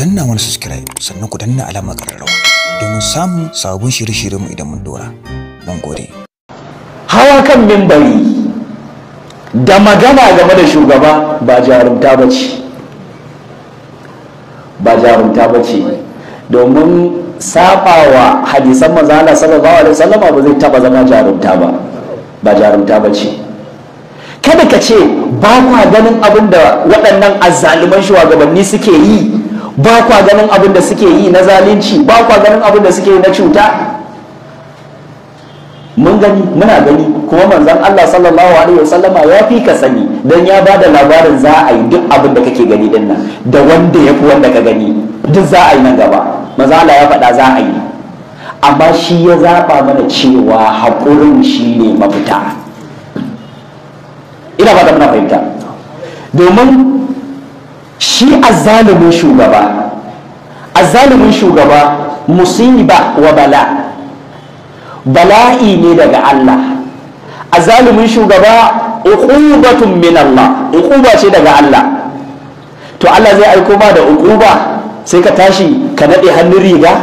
danna wani subscribe sannan ku danna alamar ƙararrawa domin samun sabon shirye-shiryenmu idan mun dora mun gode hawa kan mimbari da magana game da shugaba ba jarumta ba ce ba jarumta ba ce domin sabawa hadisan manzo Allah sallallahu alaihi wasallama ba zai taba zama jarumta ba ba jarumta ba ce kada ka ce ba kwa ganin abin da waɗannan azzaluman shugabanni suke yi ba kwa ganin abin da suke yi na zalunci ba kwa ganin abin da suke yi na cuta mun gani muna gani kuma manzon Allah sallallahu alaihi wasallama ya fi ka sani dan ya bada labarin za a yi duk abin da kake gani dinnan, da wanda ya fi wanda ka gani duk za a yi nan gaba manzon Allah ya faɗa za a yi amma shi ya zaɓa mana cewa haƙurin shi ne mafita ina ba ta muna fahimta domin shi azzalumin shugaba azzalumin shugaba musiba wa bala bala'i ne daga Allah azzalumin shugaba uqubatun min Allah uquba ce daga Allah to Allah zai aiko ma da uquba sai ka tashi ka nade hannun riga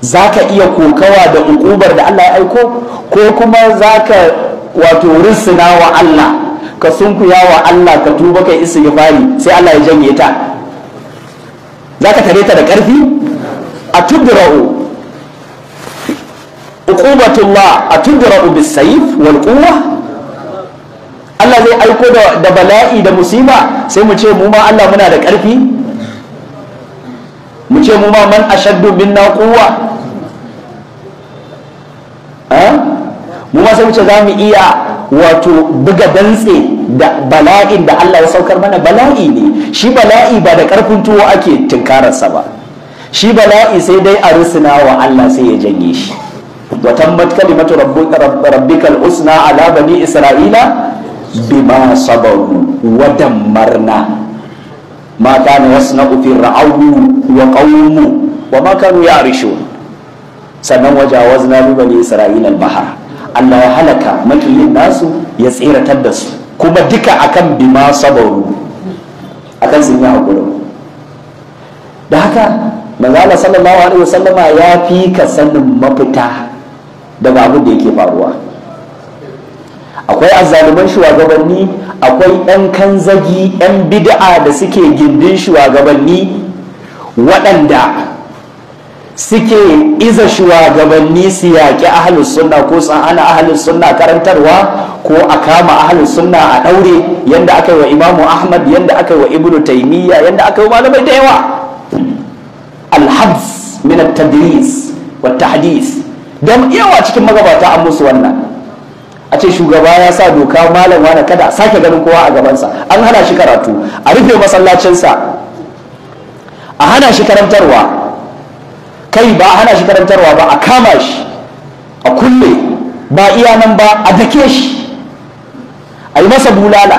za ka iya kokawa da ukubar da Allah ya aiko ko kuma za ka wato risina wa Allah ka sunkuya wa Allah ka tuba kai istighfari sai Allah ya janye ta zaka tare ta da karfi a tudra'u uqubatullah a tudra'u bis sayf wal quwwa Allah zai aiko da bala'i da musiba sai mu ce mu ma Allah muna da karfi mu ce mu ma man ashaddu minna quwwa mu ma sai wuce za mu iya wato buga dantse da bala'in da Allah ya saukar mana bala'i ne shi bala'i ba da karfin tuwo ake tunkararsa ba shi bala'i sai dai a rusuna wa Allah sai ya janye shi wa tambat kalimatu rabbikal usna ala bani isra'ila bima sabaru wa dammarna ma kana yasna'u fi ra'awu wa qawmu wa ma kanu ya'rishun sannan wajawazna bani isra'ila al-bahar Allah ya halaka makiyin nasu ya tseratar da su kuma duka akan bima sabaru akan sun yi hakuri da haka manzala sallallahu alaihi wasallama ya fi ka sanin mafita da babu da yake faruwa akwai azzaluman shugabanni akwai 'yan kanzagi 'yan bid'a da suke gindin shugabanni waɗanda suke iza shugabanni su yaƙi ahalus suna ko san ana ahalus sunna karantarwa ko a kama ahalus sunna a ɗaure yadda aka yi wa imamu ahmad yadda aka yi wa ibnu taimiyya yadda aka yi wa malamai da yawa alhabs min tadris wa tahdis da yawa cikin magabata an musu wannan a ce shugaba ya sa doka malam wani kada sake ganin kowa a gabansa an hana shi karatu a rufe masallacinsa a hana shi karantarwa kai ba a hana shi karantarwa ba a kama shi a kulle ba iya nan ba a dake shi a yi masa bulala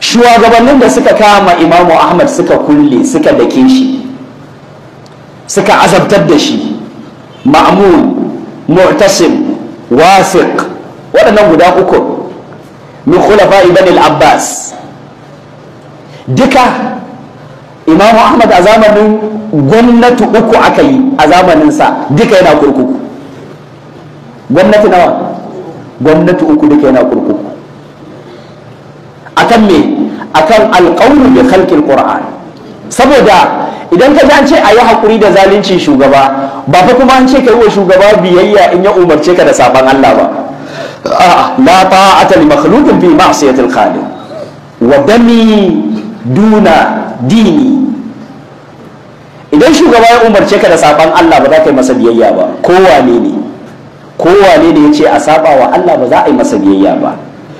shugabannin da suka kama imamu ahmad suka kulle suka dake shi suka azabtar da shi ma'amun mu'tasim wasiq waɗannan guda uku min khulafa ibn al-abbas duka Imam ahmad a zamanin gwamnati uku aka yi a zamaninsa duka yana kurkuku gwamnati nawa gwamnati uku duka yana kurkuku akan me akan alƙawlu bi khalqil qur'an saboda idan ka ji an ce a yi haƙuri da zalincin shugaba ba fa kuma an ce ka yi wa shugaba biyayya in ya umarce ka da sabon Allah ba la ta'ata li makhluqin fi ma'siyatil khaliq wa dami duna dini idan shugaba ya umarce ka da saban Allah ba za ka yi masa biyayya ba wane ne wane ne ya ce a saba wa Allah ba za a yi masa biyayya ba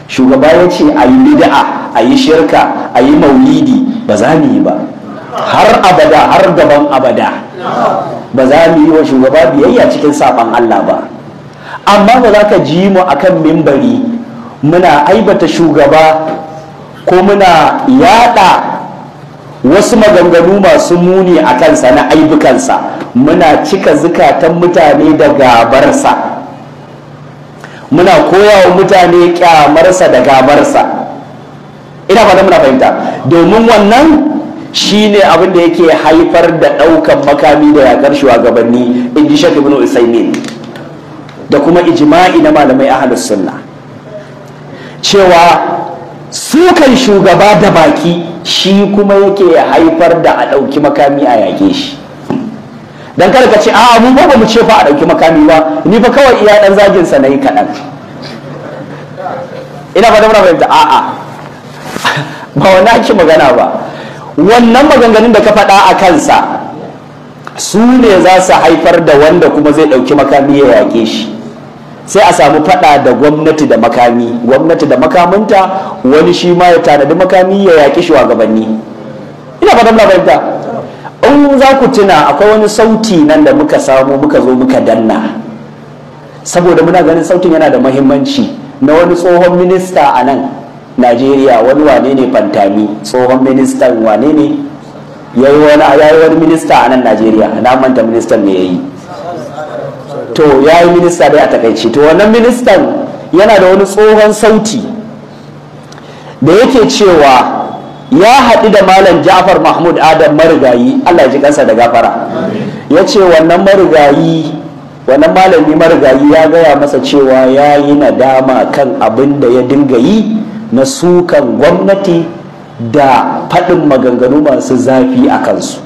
shugaba ya ce a yi bid'a a yi shirka a yi maulidi ba za mu yi ba har abada har gaban abada ba za mu yi wa shugaba biyayya cikin saban Allah ba amma ba za ka ji mu akan mimbari muna aibata shugaba ko muna yada wasu maganganu masu muni a kansa na aibukansa muna cika zukatan mutane da gabarsa muna koya wa mutane kyamarsa da gabarsa ina fata muna fahimta domin wannan shine abin da yake haifar da ɗaukan makami da yakar shugabanni in ji shek ibn usaimin da kuma ijima'i na malamai ahlus sunna cewa sukan shugaba da baki shi kuma yake haifar da a ɗauki makami a yage shi dan kada ka ce a mu ba mu ce fa a ɗauki makami ba ni fa kawai iya ɗan zagin sa nayi kaɗan ina ba muna fahimta a'a ba wani ake magana ba wannan maganganun da ka faɗa a kansa su ne za su haifar da wanda kuma zai ɗauki makami ya yage shi sai a samu fada da gwamnati da makami gwamnati da makamanta wani shi ma ya tanadi makami ya yaƙi shugabanni ina fatan na fahimta in za ku tuna akwai wani sauti nan da muka samu muka zo muka danna saboda muna ganin sautin yana da mahimmanci na wani tsohon minista a nan najeriya wani wane ne fantami tsohon ministan wane ne ya yi wani minista a nan najeriya na manta ministan me ya yi to ya yi minista dai a takaici to wannan ministan yana da wani tsohon sauti da yake cewa ya haɗu da malam jafar mahmud adam marigayi allah ji kansa da gafara ya ce wannan marigayi wannan malami marigayi ya gaya masa cewa ya yi nadama kan abin da ya dinga yi na sukan gwamnati da faɗin maganganu masu zafi a kansu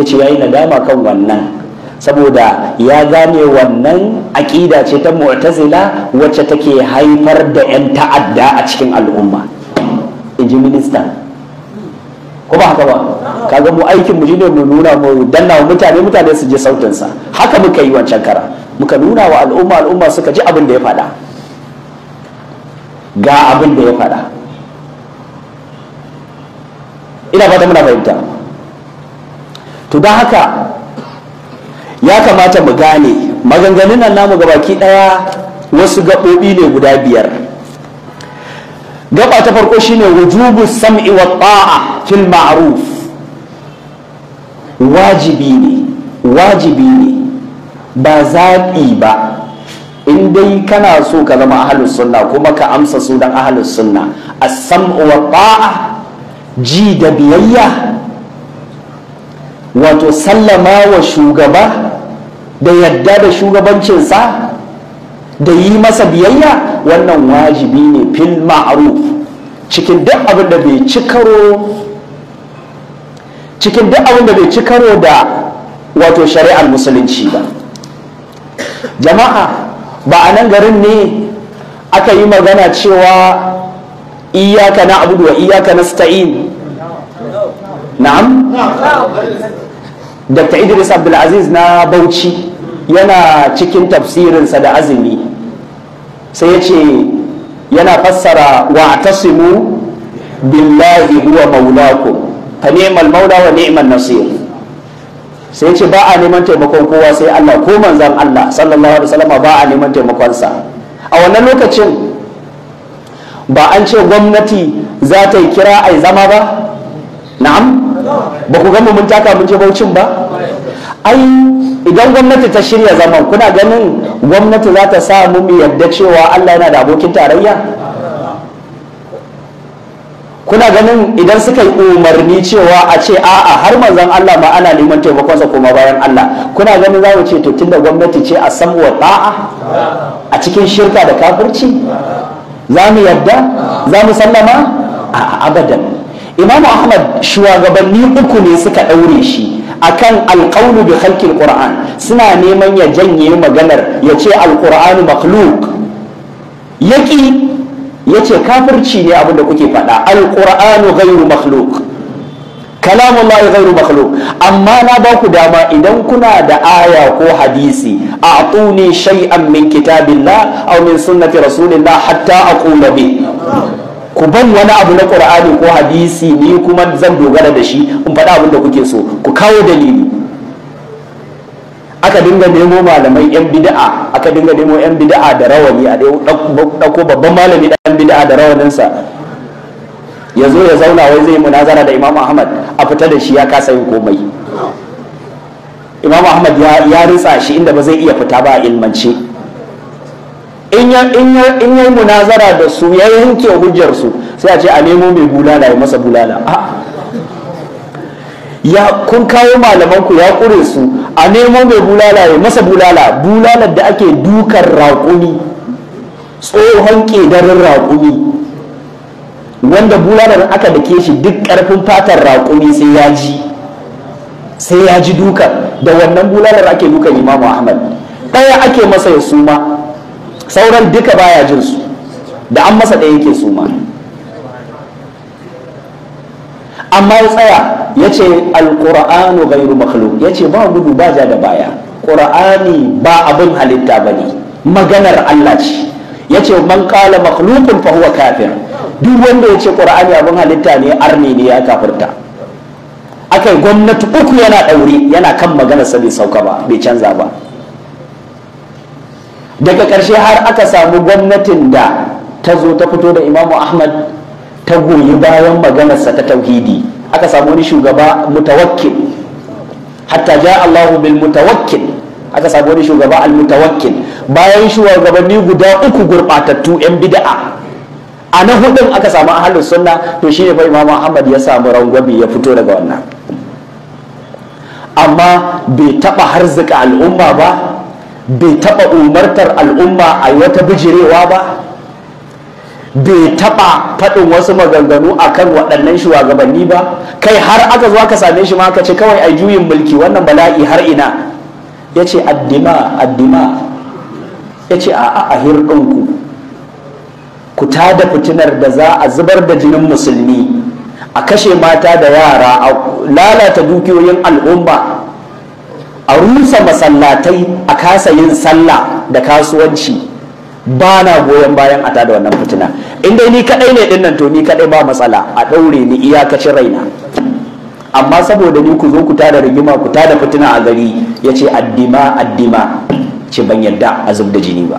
ya ce ya yi nadama kan wannan saboda ya gane wannan aƙida ce ta mu'tazila wacce take haifar da 'yan ta'adda a cikin al'umma in ji minista ko ba haka ba kaga mu aikin mu shine mu nuna mu danna wa mutane mutane su ji sautin sa haka muka yi wancan kara muka nuna wa al'umma al'umma suka ji abin da ya faɗa ga abin da ya faɗa ina fata muna fahimta to don haka ya kamata mu gane maganganun nan namu baki daya wasu gaɓoɓi ne guda biyar gaba ta farko shine wujubu sam'i wa ta'a fil ma'ruf wajibi ne wajibi ne ba zaɓi ba in dai kana so ka zama ahlus sunna kuma ka amsa sunan ahlus sunna as-sam'u wa ta'a ji da biyayya wato sallama wa shugaba da yadda da shugabancinsa da yi masa biyayya wannan wajibi ne fil ma'ruf cikin duk abin da bai ci karo cikin duk abin da bai ci karo da wato shari'ar musulunci ba jama'a ba a nan garin ne aka yi magana cewa iyaka na abudu wa iyaka na sta'in na'am dr idris abdulaziz na bauchi yana cikin tafsirinsa da azumi sai ya ce yana fassara wa tasimu billahi huwa Maulaku. fa ni'mal maula wa ni'man nasir sai ce ba a neman taimakon kowa sai Allah ko manzon Allah sallallahu alaihi wasallam ba a neman taimakon sa. a wannan lokacin ba an ce gwamnati za ta yi kira ai zama ba na'am ba ku gama mun taka mun je baucin ba ai idan gwamnati ta shirya zaman kuna ganin gwamnati za ta sa mu yadda cewa Allah yana da abokin tarayya kuna ganin idan suka yi umarni cewa a ce a'a har manzon Allah ma ana neman taimakonsa kuma bayan Allah kuna ganin za mu ce to tunda gwamnati ce a san wa da'a a cikin shirka da kafirci za mu yadda za mu sallama a abadan imam ahmad shugabanni uku ne suka ɗaure shi akan alƙaunu bi halkin qur'an suna neman ya janye maganar ya ce alƙur'anu makhluk yaƙi ya ce kafirci ne abinda kuke faɗa alƙur'anu gairu makhluk kalamullahi gairu makhluk amma na ba ku dama idan kuna da aya ko hadisi a tuni shay'an min kitabillah aw min sunnati rasulillah hatta aqula bi ku ban wani abu na qur'ani ko hadisi ni kuma zan dogara da shi in faɗa abin da kuke so ku kawo dalili aka dinga nemo malamai yan bid'a aka dinga nemo yan bid'a da rawani a dauko babban malami dan bid'a da rawaninsa ya zo ya zauna wai zai munazara da imam ahmad a fita da shi ya kasa yin komai imam ahmad ya ritsa shi inda ba zai iya fita ba a ilmance in ya munazara da su ya yanke hujjar su sai a ce a nemo mai bulala ya masa bulala ya kun kawo malaman ku ya kure su a nemo mai bulala ya masa bulala bulalar da ake dukan raƙumi tsohon ƙedarin raƙumi wanda bulalar aka dake shi duk ƙarfin fatar raƙumi sai ya ji sai ya ji dukan da wannan bulalar ake dukan imamu ahmad ɗaya ake masa ya suma sauran duka baya jin su da an masa ɗaya yake suma. ma amma ya tsaya ya ce alƙura'anu gairu makhluk ya ce ba gudu ba ja da baya ƙura'ani ba abin halitta ba ne maganar allah ce ya ce man kala makhlukun fa huwa duk wanda ya ce ƙura'ani abin halitta ne arni ne ya kafirta akai gwamnati uku yana ɗaure yana kan maganar sa bai sauka ba bai canza ba daga ƙarshe har aka samu gwamnatin da ta zo ta fito da imamu ahmad ta goyi bayan maganarsa ta tauhidi aka samu wani shugaba mutawakkil hatta ja allahu bil mutawakkil aka samu wani shugaba al mutawakkil bayan shugabanni guda uku gurɓatattu yan bida'a a na hudun aka samu ahalin sunna to shi ne fa imamu ahmad ya samu rangwami ya fito daga wannan amma bai taba harzika al'umma ba bai taɓa umartar al'umma a yi wata bijirewa ba bai taɓa faɗin wasu maganganu a kan waɗannan shugabanni ba kai har aka zo aka same shi ma ka ce kawai a juyin mulki wannan bala'i har ina ya ce addima addima ya ce a'a a hirɗinku ku ta da fitinar da za a zubar da jinin musulmi a kashe mata da yara a lalata dukiyoyin al'umma a rusa masallatai a kasa yin sallah da kasuwanci ba na goyon bayan a tada wannan fitina in dai ni kadai ne dinnan to ni kadai ba matsala a daure ni iyakacin raina amma saboda ni ku zo ku tada rigima ku tada fitina a gari ya ce addima addima ce ban yadda a zub da jini ba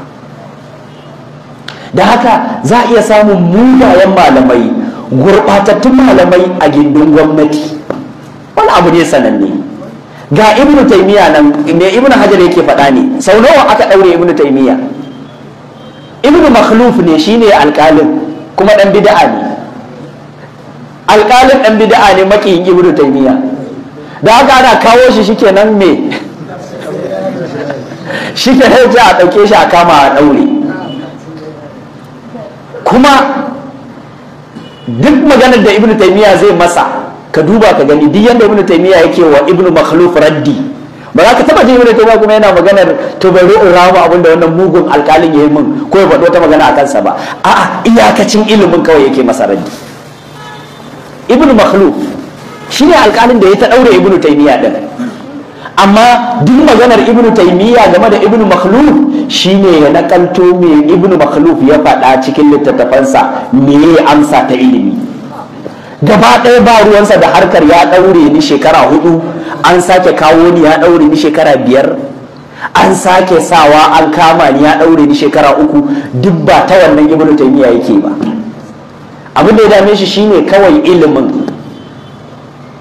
da haka za a iya samun mugayen malamai gurɓatattun malamai a gindin gwamnati wani abu ne sananne ga ibnu taymiya nan me ibnu hajar yake faɗa ne sau nawa aka ɗaure ibnu taymiya ibnu makhluf ne shine alƙalin kuma ɗan bid'a ne alƙalin ɗan bida'a ne makiyin ibnu taymiya da haka ana kawo shi nan me nan za a ɗauke shi a kama a ɗaure kuma duk maganar da ibnu taymiya zai masa ka duba ka gani duk yanda ibnu taymiya yake wa ibnu makhluf raddi ba za ka taba jin ibnu taymiya kuma yana maganar to bari in rama abin da wannan mugun alƙalin ya yi min ko ba wata ta magana a kansa ba a'a iyakacin ilimin kawai yake masa raddi ibnu makhluf ne alƙalin da ya ta daure ibnu taymiya din amma duk maganar ibnu taymiya game da ibnu makhluf shine ya nakalto me ibnu makhluf ya faɗa cikin littattafansa me amsa ta ilimi gaba ɗaya ba ruwansa da harkar ya ɗaure ni shekara hudu an sake kawo ni ya ɗaure ni shekara biyar an sake sawa an kama ni ya ɗaure ni shekara uku duk ba ta wannan ibnu taymiya yake ba abin da ya dame shi shine kawai ilimin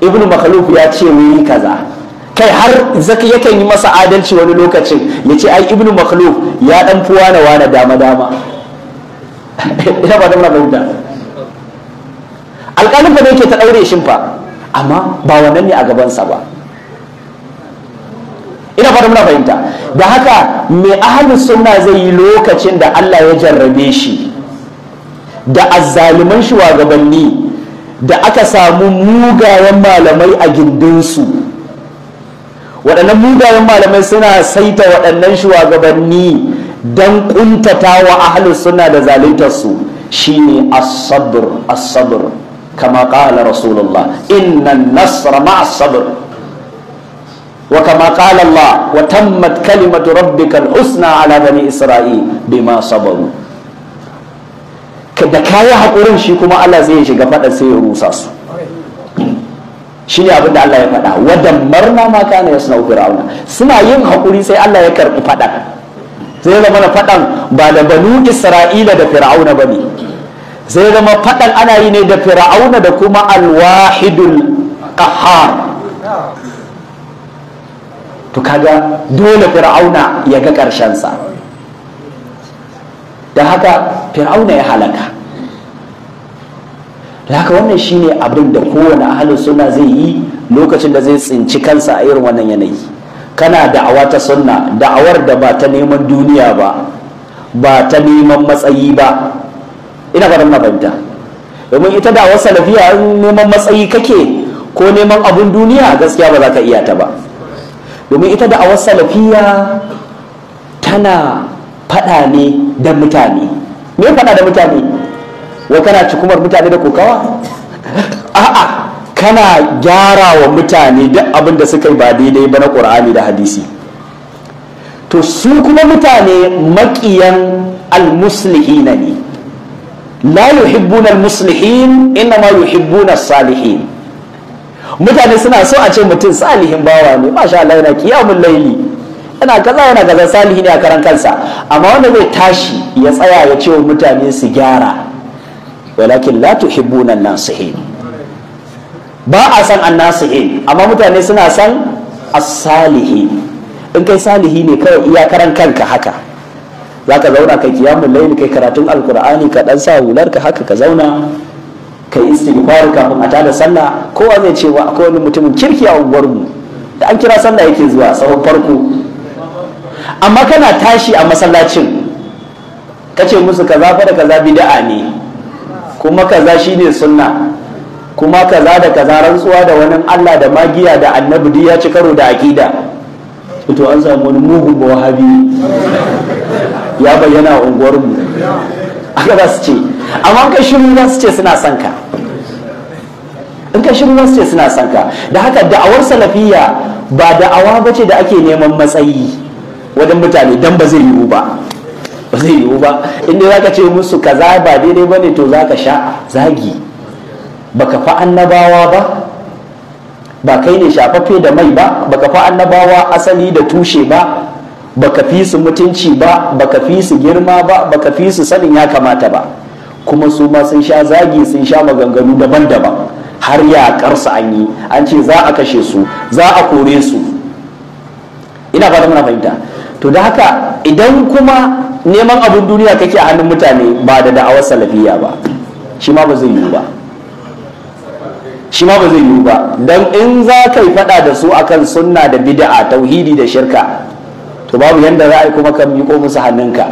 ibnu makhluf ya ce wuri kaza kai har zaka yakan yi masa adalci wani lokacin ya ce ai ibnu makhluf ya dan fi wane wane dama dama ina ba da alƙalin ba ne yake ta ɗaure shi fa amma ba wannan ne a gabansa ba ina fara muna fahimta da haka mai ahalus sunna zai yi lokacin da Allah ya jarrabe shi da wa shugabanni da aka samu mugayen malamai a gindinsu waɗannan mugayen malamai suna saita waɗannan shugabanni don ƙuntatawa wa suna sunna da zaluntarsu shine as-sabr as-sabr كما قال رسول الله إن النصر مع الصبر وكما قال الله وتمت كلمة ربك الحسنى على بني إسرائيل بما صبروا da kayi haƙurin shi kuma Allah zai shiga faɗa sai ya rusa su shi ne abin da Allah ya faɗa wadan marna ma kana ya suna fir'auna suna yin haƙuri sai Allah ya karɓi faɗan sai zama na faɗan ba da banu Isra'ila da fir'auna ba ne Zai zama faɗan ana yi ne da fir'auna da kuma alwahidul qahhar to kaga dole fir'auna ya ga ƙarshensa da haka fir'auna ya halaka da haka wannan shine abin da kowane ahalin suna zai yi lokacin da zai tsinci kansa a irin wannan yanayi kana da'awa ta sunna da'awar da ba ta neman duniya ba ba ta neman matsayi ba ina ba muna domin ita da wasu salafiya neman matsayi kake ko neman abun duniya gaskiya ba za ka iya ta ba domin ita da wasu lafiya tana faɗa ne da mutane me faɗa da mutane wa kana cikumar mutane da kokawa a'a kana gyara wa mutane duk abin da suka yi ba daidai ba na ƙur'ani da hadisi to su kuma mutane maƙiyan almuslihina ne la yuhibbuna ma inma yuhibbuna salihin mutane suna so a ce mutum salihin bawa ne masha Allah yana kiyamul layli yana kaza yana kaza salihi ne a karan kansa amma wanda zai tashi ya tsaya ya ce wa mutane su gyara walakin la tuhibbuna nasihin ba a san amma mutane suna san as-salihin in kai salihi ne kawai iya karan kanka haka za ka zauna ka kiyamun laili kai karatun alkur'ani ka dan sa hular ka haka ka zauna ka yi istighfar kafin a tada sallah kowa zai ce wa akwai wani mutumin kirki a unguwarmu da an kira sallah yake zuwa sahun farko amma kana tashi a masallacin Ka ce musu kaza fa da kaza bid'a ne kuma kaza ne sunna kuma kaza da kaza rantsuwa da wani Allah da magiya da annabi ya ci karo da aqida to an samu wani mugun wahabi ya bayyana a unguwarmu aka ba su ce amma kai shiru za su ce suna son ka in kai shiru za su ce suna son ka da haka da'awar salafiya ba da'awa ba ce da ake neman matsayi wajen mutane dan ba zai yiwu ba ba zai yiwu ba inda za ka ce musu kaza ba daidai ba ne to za ka sha zagi baka fa annabawa ba ba kai ne shafaffe da mai ba baka fa annabawa asali da tushe ba baka fi su mutunci ba baka fi su girma ba baka fi su sanin ya kamata ba kuma su ma sun sha zagi sun sha maganganu daban-daban har ya su an yi an ce za a kashe su za a kore su ina fata muna fahimta to da haka idan kuma neman abin duniya kake a hannun mutane ba da da'awar salafiya ba shi ma ba zai yiwu ba shi ma ba zai yiwu ba don in za ka yi faɗa da su akan sunna da bid'a tauhidi da shirka to babu yanda za a yi kuma ka miƙo musu hannunka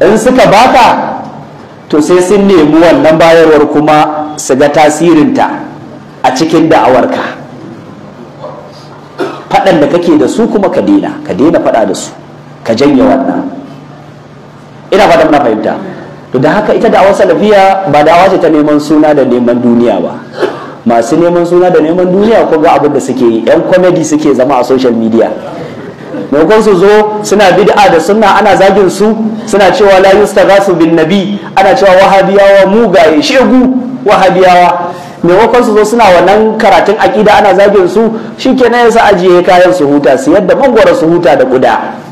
in suka baka to sai sun nemi wannan bayarwar kuma su ga tasirinta a cikin da'awarka faɗan da kake da su kuma ka daina ka daina faɗa da su ka janye wannan ina fata muna fahimta to da haka ita da'awar salafiya ba da'awa ce ta neman suna da neman duniya ba masu neman suna da neman duniya ko ga abin da suke yi yan komedi suke zama a social media maimakon su zo suna bid'a da sunna ana zagin su suna cewa la yustaghasu bin nabi ana cewa wahabiyawa mugaye shegu wahabiyawa maimakon su zo suna wannan karatun aƙida ana zagin su shikenan yasa ajiye kayan su huta su yadda mangwara su huta da guda